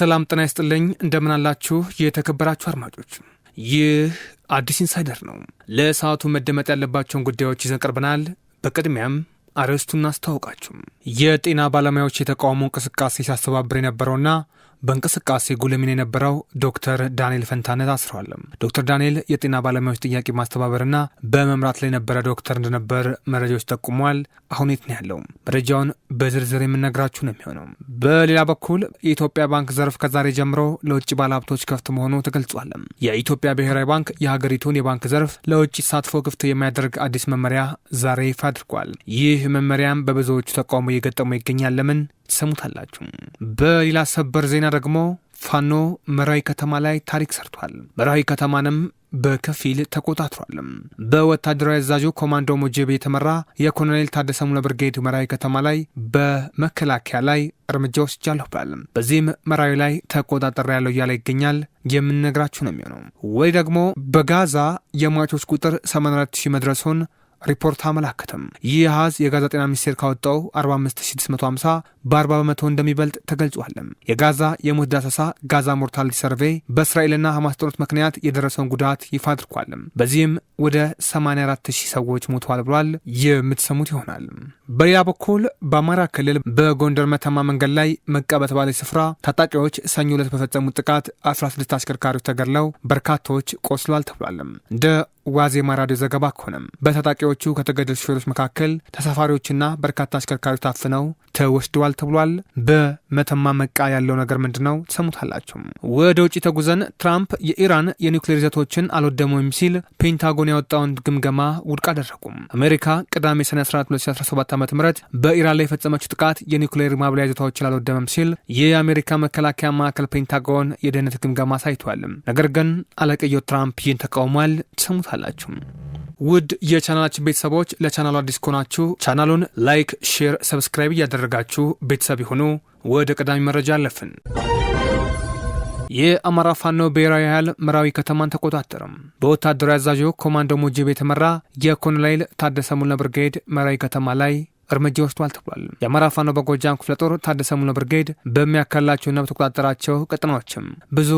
ሰላም ጤና ይስጥልኝ። እንደምን አላችሁ የተከበራችሁ አድማጮች? ይህ አዲስ ኢንሳይደር ነው። ለሰዓቱ መደመጥ ያለባቸውን ጉዳዮች ይዘን ቀርበናል። በቅድሚያም አርዕስቱን እናስተዋውቃችሁ። የጤና ባለሙያዎች የተቃውሞ እንቅስቃሴ ሲያስተባብር የነበረውና በእንቅስቃሴ ጉልህ ሚና የነበረው ዶክተር ዳንኤል ፈንታነ ታስረዋል። ዶክተር ዳንኤል የጤና ባለሙያዎች ጥያቄ ማስተባበርና በመምራት ላይ የነበረ ዶክተር እንደነበር መረጃዎች ጠቁመዋል። አሁን የት ነው ያለው? መረጃውን በዝርዝር የምነግራችሁ ነው የሚሆነው። በሌላ በኩል የኢትዮጵያ ባንክ ዘርፍ ከዛሬ ጀምሮ ለውጭ ባለሀብቶች ክፍት መሆኑ ተገልጿል። የኢትዮጵያ ብሔራዊ ባንክ የሀገሪቱን የባንክ ዘርፍ ለውጭ ተሳትፎ ክፍት የሚያደርግ አዲስ መመሪያ ዛሬ ይፋ አድርጓል። ይህ መመሪያም በብዙዎቹ ተቃውሞ እየገጠሙ ይገኛል። ለምን ትሰሙታላችሁ? በሌላ ሰበር ዜና ደግሞ ፋኖ መራዊ ከተማ ላይ ታሪክ ሰርቷል። መራዊ ከተማንም በከፊል ተቆጣጥሯልም። በወታደራዊ አዛዡ ኮማንዶ ሞጀብ የተመራ የኮሎኔል ታደሰ ሙለ ብርጌድ መራዊ ከተማ ላይ በመከላከያ ላይ እርምጃ ወስጃለሁ ብሏል። በዚህም መራዊ ላይ ተቆጣጠር ያለው እያለ ይገኛል። የምንነግራችሁ ነው የሚሆነው ወይ ደግሞ በጋዛ የሟቾች ቁጥር 84 ሺህ መድረሱን ሪፖርት አመላከተም። ይህ አሃዝ የጋዛ ጤና ሚኒስቴር ካወጣው 45650 በ40 በመቶ እንደሚበልጥ ተገልጿል የጋዛ የሞት ዳሰሳ ጋዛ ሞርታሊቲ ሰርቬይ በእስራኤልና ሐማስ ጦርነት ምክንያት የደረሰውን ጉዳት ይፋ አድርጓል። በዚህም ወደ 84000 ሰዎች ሞተዋል ብሏል። የምትሰሙት ይሆናል። በሌላ በኩል በአማራ ክልል በጎንደር መተማ መንገድ ላይ መቃ በተባለ ስፍራ ታጣቂዎች ሰኞ ዕለት በፈጸሙት ጥቃት 16 አሽከርካሪዎች ተገድለው በርካታዎች ቆስሏል ተብሏል። እንደ ዋዜማ ራዲዮ ዘገባ ከሆነም በታጣቂዎቹ ከተገደሉ ሹፌሮች መካከል ተሳፋሪዎችና በርካታ አሽከርካሪዎች ታፍነው ተወስደዋል ተብሏል። በመተማ መቃ ያለው ነገር ምንድን ነው? ትሰሙታላችሁ። ወደ ውጭ ተጉዘን ትራምፕ የኢራን የኒውክሌር ይዘቶችን አልወደመውም ሲል ፔንታጎን ያወጣውን ግምገማ ውድቅ አደረጉም። አሜሪካ ቅዳሜ ሰኔ 14 2017 ዓ ም በኢራን ላይ የፈጸመችው ጥቃት የኒውክሌር ማብለያ ይዘታዎችን አልወደመም ሲል የአሜሪካ መከላከያ ማዕከል ፔንታጎን የደህንነት ግምገማ አሳይቷል። ነገር ግን አለቀየው ትራምፕ ይህን ተቃውሟል። ትሰሙታል ታገኙታላችሁ። ውድ የቻናላችን ቤተሰቦች ለቻናሉ አዲስ ከሆናችሁ ቻናሉን ላይክ፣ ሼር፣ ሰብስክራይብ እያደረጋችሁ ቤተሰብ የሆኑ ወደ ቀዳሚ መረጃ አለፍን። የአማራ ፋኖ ብሔራዊ ኃይል መራዊ ከተማን ተቆጣጠረም። በወታደራዊ አዛዡ ኮማንዶ ሙጅብ የተመራ የኮሎኔል ታደሰ ሙልነ ብርጌድ መራዊ ከተማ ላይ እርምጃ ወስዷል ተብሏል። የአማራ ፋኖ በጎጃም ክፍለ ጦር ታደሰ ሙልነ ብርጌድ በሚያካላቸውና በተቆጣጠራቸው ቀጠናዎችም ብዙ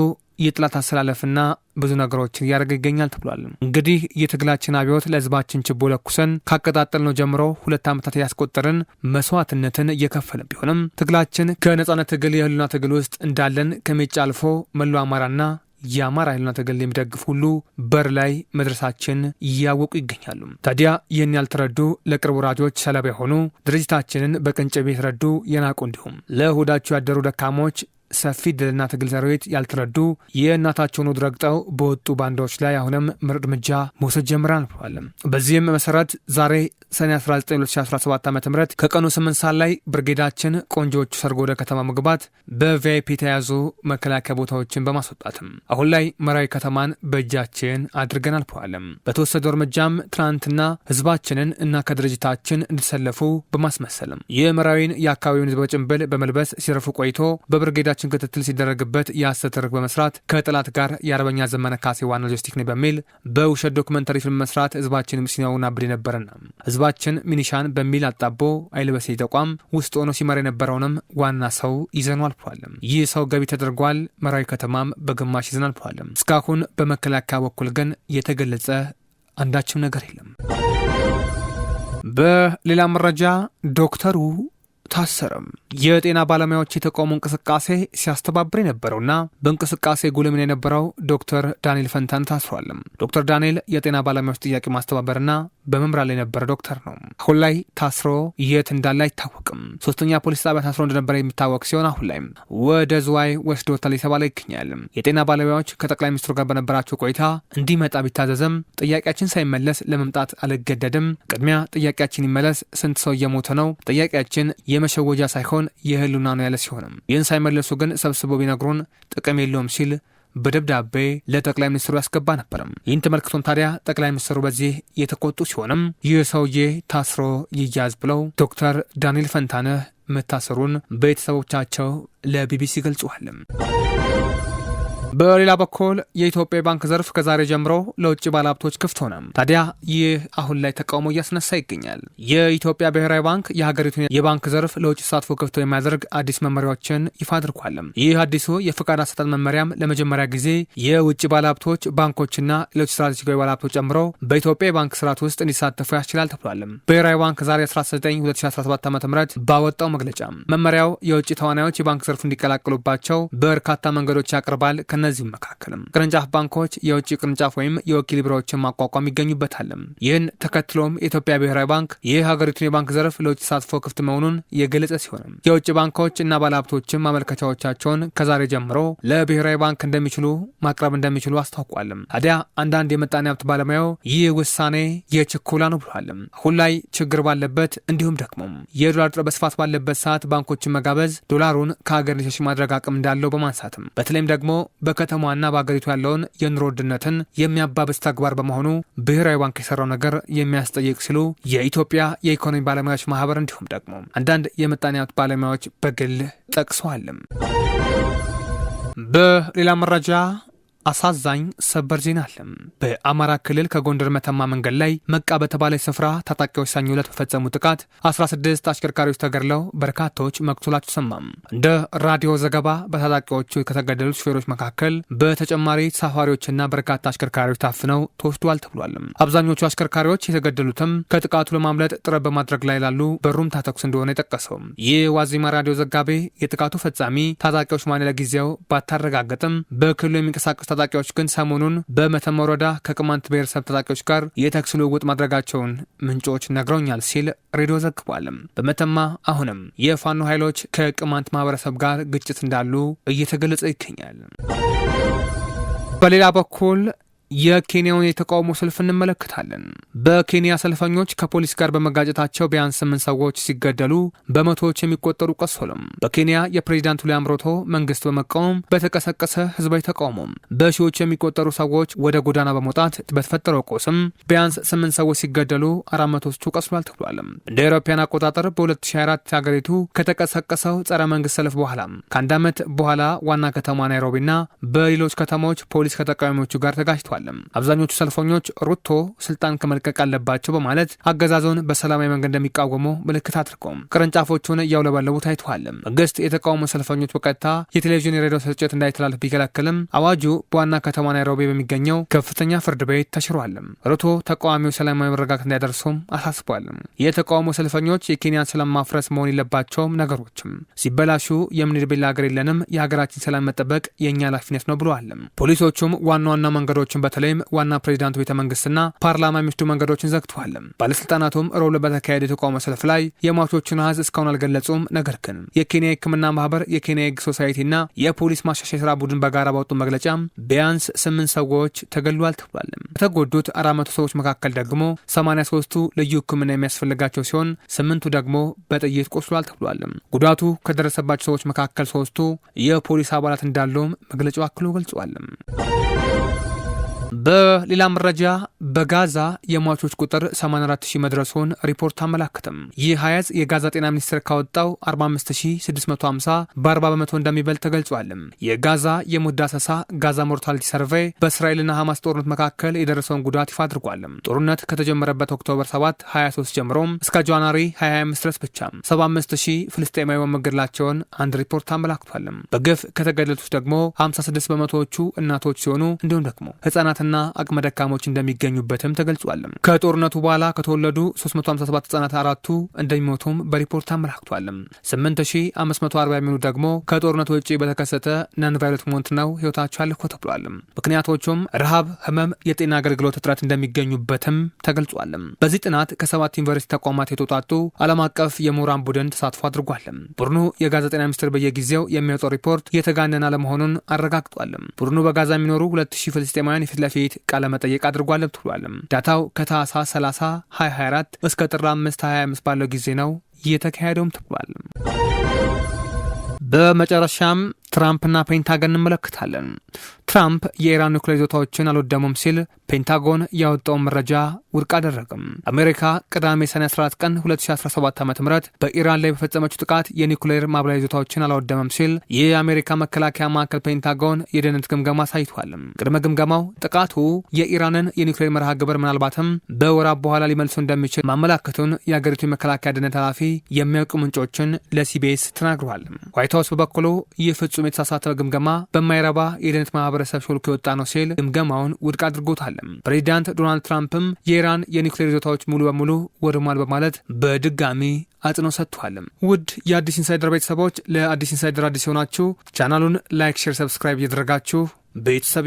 የጥላት አሰላለፍና ብዙ ነገሮችን እያደረገ ይገኛል ተብሏል። እንግዲህ የትግላችን አብዮት ለህዝባችን ችቦ ለኩሰን ካቀጣጠል ነው ጀምሮ ሁለት ዓመታት ያስቆጠርን መስዋዕትነትን እየከፈለ ቢሆንም ትግላችን ከነጻነት ትግል የህሉና ትግል ውስጥ እንዳለን ከሜጫ አልፎ መሎ አማራና የአማራ ህልና ትግል የሚደግፍ ሁሉ በር ላይ መድረሳችን እያወቁ ይገኛሉ። ታዲያ ይህን ያልተረዱ ለቅርቡ ወራጆች ሰለባ የሆኑ ድርጅታችንን በቅንጭብ የተረዱ የናቁ እንዲሁም ለሆዳቸው ያደሩ ደካሞች ሰፊ ድልና ትግል ሰራዊት ያልተረዱ የእናታቸውን ውድ ረግጠው በወጡ ባንዳዎች ላይ አሁንም ምር እርምጃ መውሰድ ጀምራል ብሏል። በዚህም መሰረት ዛሬ ሰኔ 192017 ዓ ም ከቀኑ 8 ሰዓት ላይ ብርጌዳችን ቆንጆዎቹ ሰርጎ ወደ ከተማ መግባት በቪአይፒ የተያዙ መከላከያ ቦታዎችን በማስወጣትም አሁን ላይ መራዊ ከተማን በእጃችን አድርገናል ብሏል። በተወሰደው እርምጃም ትናንትና ህዝባችንን እና ከድርጅታችን እንዲሰለፉ በማስመሰልም የመራዊን የአካባቢውን ህዝብ ጭንብል በመልበስ ሲረፉ ቆይቶ በብርጌዳ ዳኛችን ክትትል ሲደረግበት የሐሰት ትርክ በመስራት ከጠላት ጋር የአርበኛ ዘመነ ካሴ ዋና ሎጂስቲክ ነኝ በሚል በውሸት ዶክመንተሪ ፊልም መስራት ህዝባችን ሲያወናብድ የነበረና ህዝባችን ሚኒሻን በሚል አጣቦ አይልበሴ ተቋም ውስጥ ሆኖ ሲመራ የነበረውንም ዋና ሰው ይዘኑ አልፏልም። ይህ ሰው ገቢ ተደርጓል። መራዊ ከተማም በግማሽ ይዘን አልፏልም። እስካሁን በመከላከያ በኩል ግን የተገለጸ አንዳችም ነገር የለም። በሌላ መረጃ ዶክተሩ ታሰረም። የጤና ባለሙያዎች የተቃውሞ እንቅስቃሴ ሲያስተባብር የነበረውና በእንቅስቃሴ ጉልህ ሚና የነበረው ዶክተር ዳንኤል ፈንታን ታስሯልም። ዶክተር ዳንኤል የጤና ባለሙያዎች ጥያቄ ማስተባበርና በመምራ ላይ የነበረ ዶክተር ነው። አሁን ላይ ታስሮ የት እንዳለ አይታወቅም። ሶስተኛ ፖሊስ ጣቢያ ታስሮ እንደነበረ የሚታወቅ ሲሆን አሁን ላይም ወደ ዝዋይ ወስዶታል የተባለ ይገኛል። የጤና ባለሙያዎች ከጠቅላይ ሚኒስትሩ ጋር በነበራቸው ቆይታ እንዲመጣ ቢታዘዘም ጥያቄያችን ሳይመለስ ለመምጣት አልገደድም፣ ቅድሚያ ጥያቄያችን ይመለስ፣ ስንት ሰው እየሞተ ነው፣ ጥያቄያችን የመሸወጃ ሳይሆን ሳይሆን የህሉና ነው ያለ ሲሆንም ይህን ሳይመለሱ ግን ሰብስቦ ቢነግሩን ጥቅም የለውም ሲል በደብዳቤ ለጠቅላይ ሚኒስትሩ ያስገባ ነበርም። ይህን ተመልክቶን ታዲያ ጠቅላይ ሚኒስትሩ በዚህ የተቆጡ ሲሆንም ይህ ሰውዬ ታስሮ ይያዝ ብለው ዶክተር ዳንኤል ፈንታነህ መታሰሩን ቤተሰቦቻቸው ለቢቢሲ ገልጸዋልም። በሌላ በኩል የኢትዮጵያ ባንክ ዘርፍ ከዛሬ ጀምሮ ለውጭ ባለሀብቶች ክፍት ሆነ። ታዲያ ይህ አሁን ላይ ተቃውሞ እያስነሳ ይገኛል። የኢትዮጵያ ብሔራዊ ባንክ የሀገሪቱን የባንክ ዘርፍ ለውጭ ተሳትፎ ክፍቶ የሚያደርግ አዲስ መመሪያዎችን ይፋ አድርጓል። ይህ አዲሱ የፍቃድ አሰጣጥ መመሪያም ለመጀመሪያ ጊዜ የውጭ ባለሀብቶች ባንኮችና ሌሎች ስትራቴጂካዊ ባለሀብቶች ጨምሮ በኢትዮጵያ የባንክ ስርዓት ውስጥ እንዲሳተፉ ያስችላል ተብሏል። ብሔራዊ ባንክ ዛሬ 192017 ዓ ም ባወጣው መግለጫ መመሪያው የውጭ ተዋናዮች የባንክ ዘርፍ እንዲቀላቀሉባቸው በርካታ መንገዶች ያቀርባል ከእነዚሁም መካከልም ቅርንጫፍ ባንኮች፣ የውጭ ቅርንጫፍ ወይም የወኪል ቢሮዎችን ማቋቋም ይገኙበታል። ይህን ተከትሎም የኢትዮጵያ ብሔራዊ ባንክ ይህ ሀገሪቱን የባንክ ዘርፍ ለውጭ ተሳትፎ ክፍት መሆኑን የገለጸ ሲሆንም የውጭ ባንኮች እና ባለሀብቶችም ማመልከቻዎቻቸውን ከዛሬ ጀምሮ ለብሔራዊ ባንክ እንደሚችሉ ማቅረብ እንደሚችሉ አስታውቋል። ታዲያ አንዳንድ የምጣኔ ሀብት ባለሙያው ይህ ውሳኔ የችኩላ ነው ብሏል። አሁን ላይ ችግር ባለበት እንዲሁም ደግሞ የዶላር እጥረት በስፋት ባለበት ሰዓት ባንኮችን መጋበዝ ዶላሩን ከሀገር ሊሸሽ ማድረግ አቅም እንዳለው በማንሳትም በተለይም ደግሞ በከተማዋና በአገሪቱ ያለውን የኑሮ ውድነትን የሚያባብስ ተግባር በመሆኑ ብሔራዊ ባንክ የሰራው ነገር የሚያስጠይቅ ሲሉ የኢትዮጵያ የኢኮኖሚ ባለሙያዎች ማህበር እንዲሁም ደግሞ አንዳንድ የምጣኔ ሀብት ባለሙያዎች በግል ጠቅሰዋልም። በሌላ መረጃ አሳዛኝ ሰበር ዜና አለ። በአማራ ክልል ከጎንደር መተማ መንገድ ላይ መቃ በተባለ ስፍራ ታጣቂዎች ሰኞ ዕለት በፈጸሙ ጥቃት 16 አሽከርካሪዎች ተገድለው በርካታዎች መቁሰላቸው ሰማም። እንደ ራዲዮ ዘገባ በታጣቂዎቹ ከተገደሉት ሹፌሮች መካከል በተጨማሪ ተሳፋሪዎችና በርካታ አሽከርካሪዎች ታፍነው ተወስዷል ተብሏል። አብዛኞቹ አሽከርካሪዎች የተገደሉትም ከጥቃቱ ለማምለጥ ጥረት በማድረግ ላይ ላሉ በሩም ታተኩስ እንደሆነ የጠቀሰው ይህ ዋዜማ ራዲዮ ዘጋቢ የጥቃቱ ፈጻሚ ታጣቂዎች ማን ለጊዜው ባታረጋገጥም በክልሉ የሚንቀሳቀሱ ታጣቂዎች ግን ሰሞኑን በመተማ ወረዳ ከቅማንት ብሔረሰብ ታጣቂዎች ጋር የተኩስ ልውውጥ ማድረጋቸውን ምንጮች ነግረውኛል ሲል ሬዲዮ ዘግቧል። በመተማ አሁንም የፋኖ ኃይሎች ከቅማንት ማህበረሰብ ጋር ግጭት እንዳሉ እየተገለጸ ይገኛል። በሌላ በኩል የኬንያውን የተቃውሞ ሰልፍ እንመለከታለን። በኬንያ ሰልፈኞች ከፖሊስ ጋር በመጋጨታቸው ቢያንስ ስምንት ሰዎች ሲገደሉ በመቶዎች የሚቆጠሩ ቆሰሉም። በኬንያ የፕሬዚዳንት ዊልያም ሮቶ መንግስት በመቃወም በተቀሰቀሰ ህዝባዊ ተቃውሞም በሺዎች የሚቆጠሩ ሰዎች ወደ ጎዳና በመውጣት በተፈጠረው ቆስም ቢያንስ ስምንት ሰዎች ሲገደሉ አራት መቶዎቹ ቆስሏል ተብሏልም። እንደ አውሮፓውያን አቆጣጠር በ2024 ሀገሪቱ ከተቀሰቀሰው ጸረ መንግስት ሰልፍ በኋላ ከአንድ ዓመት በኋላ ዋና ከተማ ናይሮቢና በሌሎች ከተማዎች ፖሊስ ከተቃዋሚዎቹ ጋር ተጋጅቷል። ተናግረዋል። አብዛኞቹ ሰልፈኞች ሩቶ ስልጣን ከመልቀቅ አለባቸው በማለት አገዛዞን በሰላማዊ መንገድ እንደሚቃወሙ ምልክት አድርገው ቅርንጫፎቹን እያውለበለቡ ታይተዋል። መንግስት የተቃውሞ ሰልፈኞች በቀጥታ የቴሌቪዥን የሬዲዮ ስርጭት እንዳይተላለፍ ቢከለክልም አዋጁ በዋና ከተማ ናይሮቢ በሚገኘው ከፍተኛ ፍርድ ቤት ተሽሯል። ሩቶ ተቃዋሚው ሰላማዊ መረጋጋት እንዲያደርሱም አሳስቧል። የተቃውሞ ሰልፈኞች የኬንያን ሰላም ማፍረስ መሆን የለባቸውም፣ ነገሮችም ሲበላሹ የምንድቤላ ሀገር የለንም፣ የሀገራችን ሰላም መጠበቅ የእኛ ኃላፊነት ነው ብለዋል። ፖሊሶቹም ዋና ዋና መንገዶችን በተለይም ዋና ፕሬዚዳንቱ ቤተ መንግስትና ፓርላማ የሚወስዱ መንገዶችን ዘግተዋል። ባለስልጣናቱም ረቡዕ በተካሄደ የተቃውሞ ሰልፍ ላይ የሟቾችን አሃዝ እስካሁን አልገለጹም። ነገር ግን የኬንያ ህክምና ማህበር፣ የኬንያ የህግ ሶሳይቲና የፖሊስ ማሻሻያ የስራ ቡድን በጋራ ባወጡ መግለጫ ቢያንስ ስምንት ሰዎች ተገሏል ተብሏል። ከተጎዱት አራት መቶ ሰዎች መካከል ደግሞ 83ቱ ልዩ ህክምና የሚያስፈልጋቸው ሲሆን ስምንቱ ደግሞ በጥይት ቆስሏል ተብሏል። ጉዳቱ ከደረሰባቸው ሰዎች መካከል ሶስቱ የፖሊስ አባላት እንዳለውም መግለጫው አክሎ ገልጿል። በሌላ መረጃ በጋዛ የሟቾች ቁጥር 84 መድረሱን ሪፖርት አመላክትም። ይህ አያዝ የጋዛ ጤና ሚኒስቴር ካወጣው 45650 በ40 በመቶ እንደሚበልጥ ተገልጿል። የጋዛ የሞት ዳሰሳ ጋዛ ሞርታሊቲ ሰርቬይ በእስራኤልና ሐማስ ጦርነት መካከል የደረሰውን ጉዳት ይፋ አድርጓል። ጦርነት ከተጀመረበት ኦክቶበር 7 23 ጀምሮም እስከ ጃንዋሪ 25 ድረስ ብቻ 75000 ፍልስጤማውያን መገደላቸውን አንድ ሪፖርት አመላክቷል። በግፍ ከተገደሉት ደግሞ 56 በመቶዎቹ እናቶች ሲሆኑ እንዲሁም ደግሞ ህጻናት ህጻናትና አቅመ ደካሞች እንደሚገኙበትም ተገልጿል። ከጦርነቱ በኋላ ከተወለዱ 357 ህጻናት አራቱ እንደሚሞቱም በሪፖርት አመላክቷል። 8540 የሚሆኑ ደግሞ ከጦርነቱ ውጭ በተከሰተ ነን ቫይለት ሞንት ነው ህይወታቸው አልፎ ተብሏል። ምክንያቶቹም ረሃብ፣ ህመም፣ የጤና አገልግሎት እጥረት እንደሚገኙበትም ተገልጿል። በዚህ ጥናት ከሰባት ዩኒቨርሲቲ ተቋማት የተውጣጡ ዓለም አቀፍ የምሁራን ቡድን ተሳትፎ አድርጓል። ቡድኑ የጋዛ ጤና ሚኒስቴር በየጊዜው የሚወጣው ሪፖርት የተጋነን አለመሆኑን አረጋግጧል። ቡድኑ በጋዛ የሚኖሩ 2000 ፍልስጤማውያን የፊት በፊት ቃለመጠየቅ አድርጓል ብሏልም። ዳታው ከታህሳስ 30 2024 እስከ ጥር 5 25 ባለው ጊዜ ነው እየተካሄደውም ተብሏል። በመጨረሻም ትራምፕና ፔንታገን እንመለከታለን። ትራምፕ የኢራን ኒውክሌር ይዞታዎችን አልወደሙም ሲል ፔንታጎን ያወጣውን መረጃ ውድቅ አደረግም። አሜሪካ ቅዳሜ ሰኔ 14 ቀን 2017 ዓ ም በኢራን ላይ በፈጸመችው ጥቃት የኒውክሌር ማብላያ ይዞታዎችን አላወደመም ሲል የአሜሪካ መከላከያ ማዕከል ፔንታጎን የደህንነት ግምገማ አሳይቷል። ቅድመ ግምገማው ጥቃቱ የኢራንን የኒውክሌር መርሃ ግብር ምናልባትም በወራት በኋላ ሊመልሱ እንደሚችል ማመላከቱን የአገሪቱ የመከላከያ ደህንነት ኃላፊ የሚያውቁ ምንጮችን ለሲቢኤስ ተናግረዋል። ዋይት ሀውስ በበኩሉ ይህ ፍጹም የተሳሳተ ግምገማ በማይረባ የደህንነት ማህበር ማህበረሰብ ሾልኮ የወጣ ነው ሲል ግምገማውን ውድቅ አድርጎታል። ፕሬዚዳንት ዶናልድ ትራምፕም የኢራን የኒውክሌር ይዞታዎች ሙሉ በሙሉ ወድሟል በማለት በድጋሚ አጽኖ ሰጥቷል። ውድ የአዲስ ኢንሳይደር ቤተሰቦች ለአዲስ ኢንሳይደር አዲስ የሆናችሁ ቻናሉን ላይክ፣ ሼር፣ ሰብስክራይብ እያደረጋችሁ ቤተሰብ